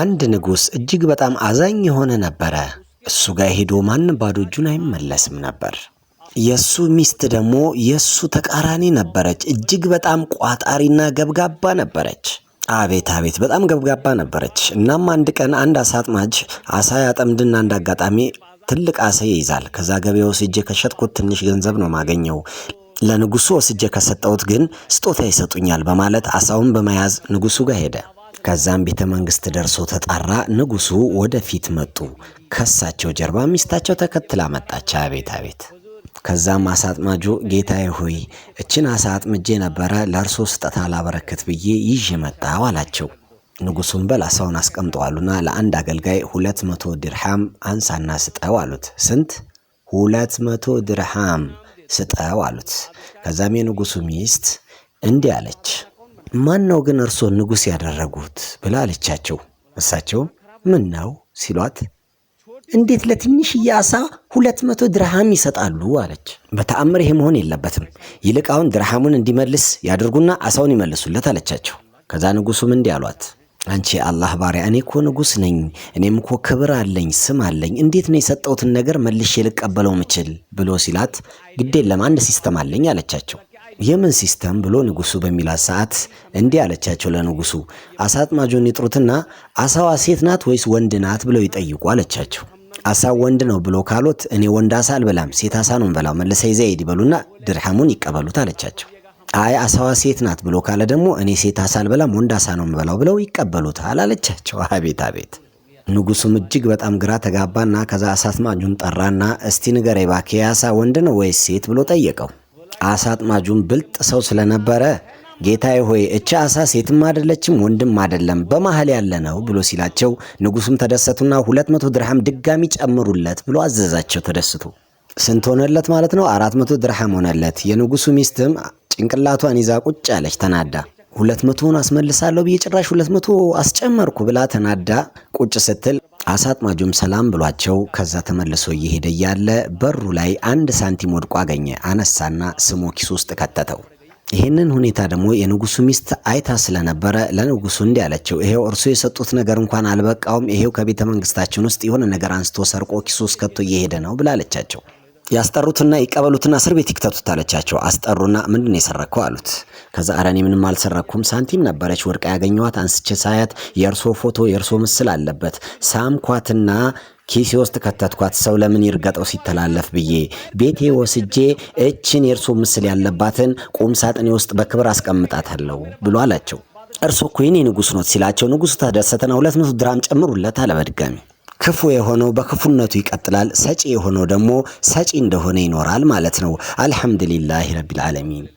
አንድ ንጉሥ እጅግ በጣም አዛኝ የሆነ ነበረ። እሱ ጋር ሄዶ ማንም ባዶ እጁን አይመለስም ነበር። የእሱ ሚስት ደግሞ የእሱ ተቃራኒ ነበረች። እጅግ በጣም ቋጣሪና ገብጋባ ነበረች። አቤት አቤት በጣም ገብጋባ ነበረች። እናም አንድ ቀን አንድ አሳ አጥማጅ አሳ ያጠምድና አንድ አጋጣሚ ትልቅ አሳ ይይዛል። ከዛ ገበያ ወስጄ ከሸጥኩት ትንሽ ገንዘብ ነው ማገኘው፣ ለንጉሱ ወስጄ ከሰጠሁት ግን ስጦታ ይሰጡኛል በማለት አሳውን በመያዝ ንጉሱ ጋር ሄደ። ከዛም ቤተ መንግስት ደርሶ ተጣራ። ንጉሱ ወደፊት መጡ። ከሳቸው ጀርባ ሚስታቸው ተከትላ መጣች። አቤት አቤት! ከዛም አሳ አጥማጁ ጌታዬ ሆይ እችን አሳ አጥምጄ ነበረ ለእርሶ ስጠታ ላበረክት ብዬ ይዤ መጣ አላቸው። ንጉሱም በላሳውን አስቀምጠዋሉና ለአንድ አገልጋይ ሁለት መቶ ድርሃም አንሳና ስጠው አሉት። ስንት? ሁለት መቶ ድርሃም ስጠው አሉት። ከዛም የንጉሱ ሚስት እንዲህ አለች ማን ነው ግን እርሶን ንጉሥ ያደረጉት ብላ አለቻቸው። እሳቸውም ምን ነው ሲሏት እንዴት ለትንሽዬ አሳ ሁለት መቶ ድርሃም ይሰጣሉ አለች። በተአምር ይሄ መሆን የለበትም ይልቅ አሁን ድርሃሙን እንዲመልስ ያድርጉና አሳውን ይመልሱለት አለቻቸው። ከዛ ንጉሱም እንዲህ አሏት አንቺ አላህ ባሪያ እኔ እኮ ንጉሥ ነኝ፣ እኔም እኮ ክብር አለኝ፣ ስም አለኝ። እንዴት ነው የሰጠሁትን ነገር መልሼ ልቀበለው ምችል ብሎ ሲላት ግድ የለም አንድ ሲስተም አለኝ አለቻቸው። የምን ሲስተም ብሎ ንጉሱ በሚላት ሰዓት እንዲህ አለቻቸው ለንጉሱ አሳ አጥማጁን ይጥሩትና አሳዋ ሴት ናት ወይስ ወንድ ናት ብለው ይጠይቁ አለቻቸው። አሳ ወንድ ነው ብሎ ካሎት እኔ ወንድ አሳ አልበላም፣ ሴት አሳ ነው በላው መለሰ ዘይድ ይበሉና ድርሐሙን ይቀበሉት አለቻቸው። አይ አሳዋ ሴት ናት ብሎ ካለ ደግሞ እኔ ሴት አሳ አልበላም፣ ወንድ አሳ ነው በላው ብለው ይቀበሉታል አለቻቸው። አቤት አቤት! ንጉሱም እጅግ በጣም ግራ ተጋባና ከዛ አሳ አጥማጁን ጠራና እስቲ ንገረኝ እባክህ የአሳ ወንድ ነው ወይስ ሴት ብሎ ጠየቀው። አሳ አጥማጁን ብልጥ ሰው ስለነበረ ጌታዬ ሆይ እቺ አሳ ሴትም አይደለችም ወንድም አይደለም በመሀል ያለ ነው ብሎ ሲላቸው ንጉሱም ተደሰቱና ሁለት መቶ ድርሃም ድጋሚ ጨምሩለት ብሎ አዘዛቸው። ተደስቱ ስንት ሆነለት ማለት ነው? አራት መቶ ድርሃም ሆነለት። የንጉሱ ሚስትም ጭንቅላቷን ይዛ ቁጭ አለች ተናዳ። ሁለት መቶውን አስመልሳለሁ ብዬ ጭራሽ ሁለት መቶ አስጨመርኩ ብላ ተናዳ ቁጭ ስትል አሳ አጥማጁም ሰላም ብሏቸው ከዛ ተመልሶ እየሄደ እያለ በሩ ላይ አንድ ሳንቲም ወድቆ አገኘ። አነሳና ስሞ ኪሱ ውስጥ ከተተው። ይህንን ሁኔታ ደግሞ የንጉሱ ሚስት አይታ ስለነበረ ለንጉሱ እንዲህ አለችው፣ ይሄው እርሱ የሰጡት ነገር እንኳን አልበቃውም፣ ይሄው ከቤተ መንግስታችን ውስጥ የሆነ ነገር አንስቶ ሰርቆ ኪሱ ውስጥ ከቶ እየሄደ ነው ብላለቻቸው። ያስጠሩትና ይቀበሉትና እስር ቤት ይክተቱት አለቻቸው። አስጠሩና ምንድን ነው የሰረከው አሉት። ከዛ ኧረ እኔ ምንም አልሰረኩም ሳንቲም ነበረች ወርቅ ያገኘዋት አንስቼ ሳያት የእርሶ ፎቶ የእርሶ ምስል አለበት ሳምኳትና ኪሴ ውስጥ ከተትኳት ሰው ለምን ይርገጠው ሲተላለፍ ብዬ ቤቴ ወስጄ እችን የእርሶ ምስል ያለባትን ቁም ሳጥኔ ውስጥ በክብር አስቀምጣታለሁ ብሎ አላቸው። እርሶ እኮ የኔ ንጉሥ ኖት ሲላቸው ንጉሡ ተደሰተና ሁለት መቶ ድራም ጨምሩለት አለ በድጋሚ ክፉ የሆነው በክፉነቱ ይቀጥላል፣ ሰጪ የሆነው ደግሞ ሰጪ እንደሆነ ይኖራል ማለት ነው። አልሐምዱሊላህ ረቢል ዓለሚን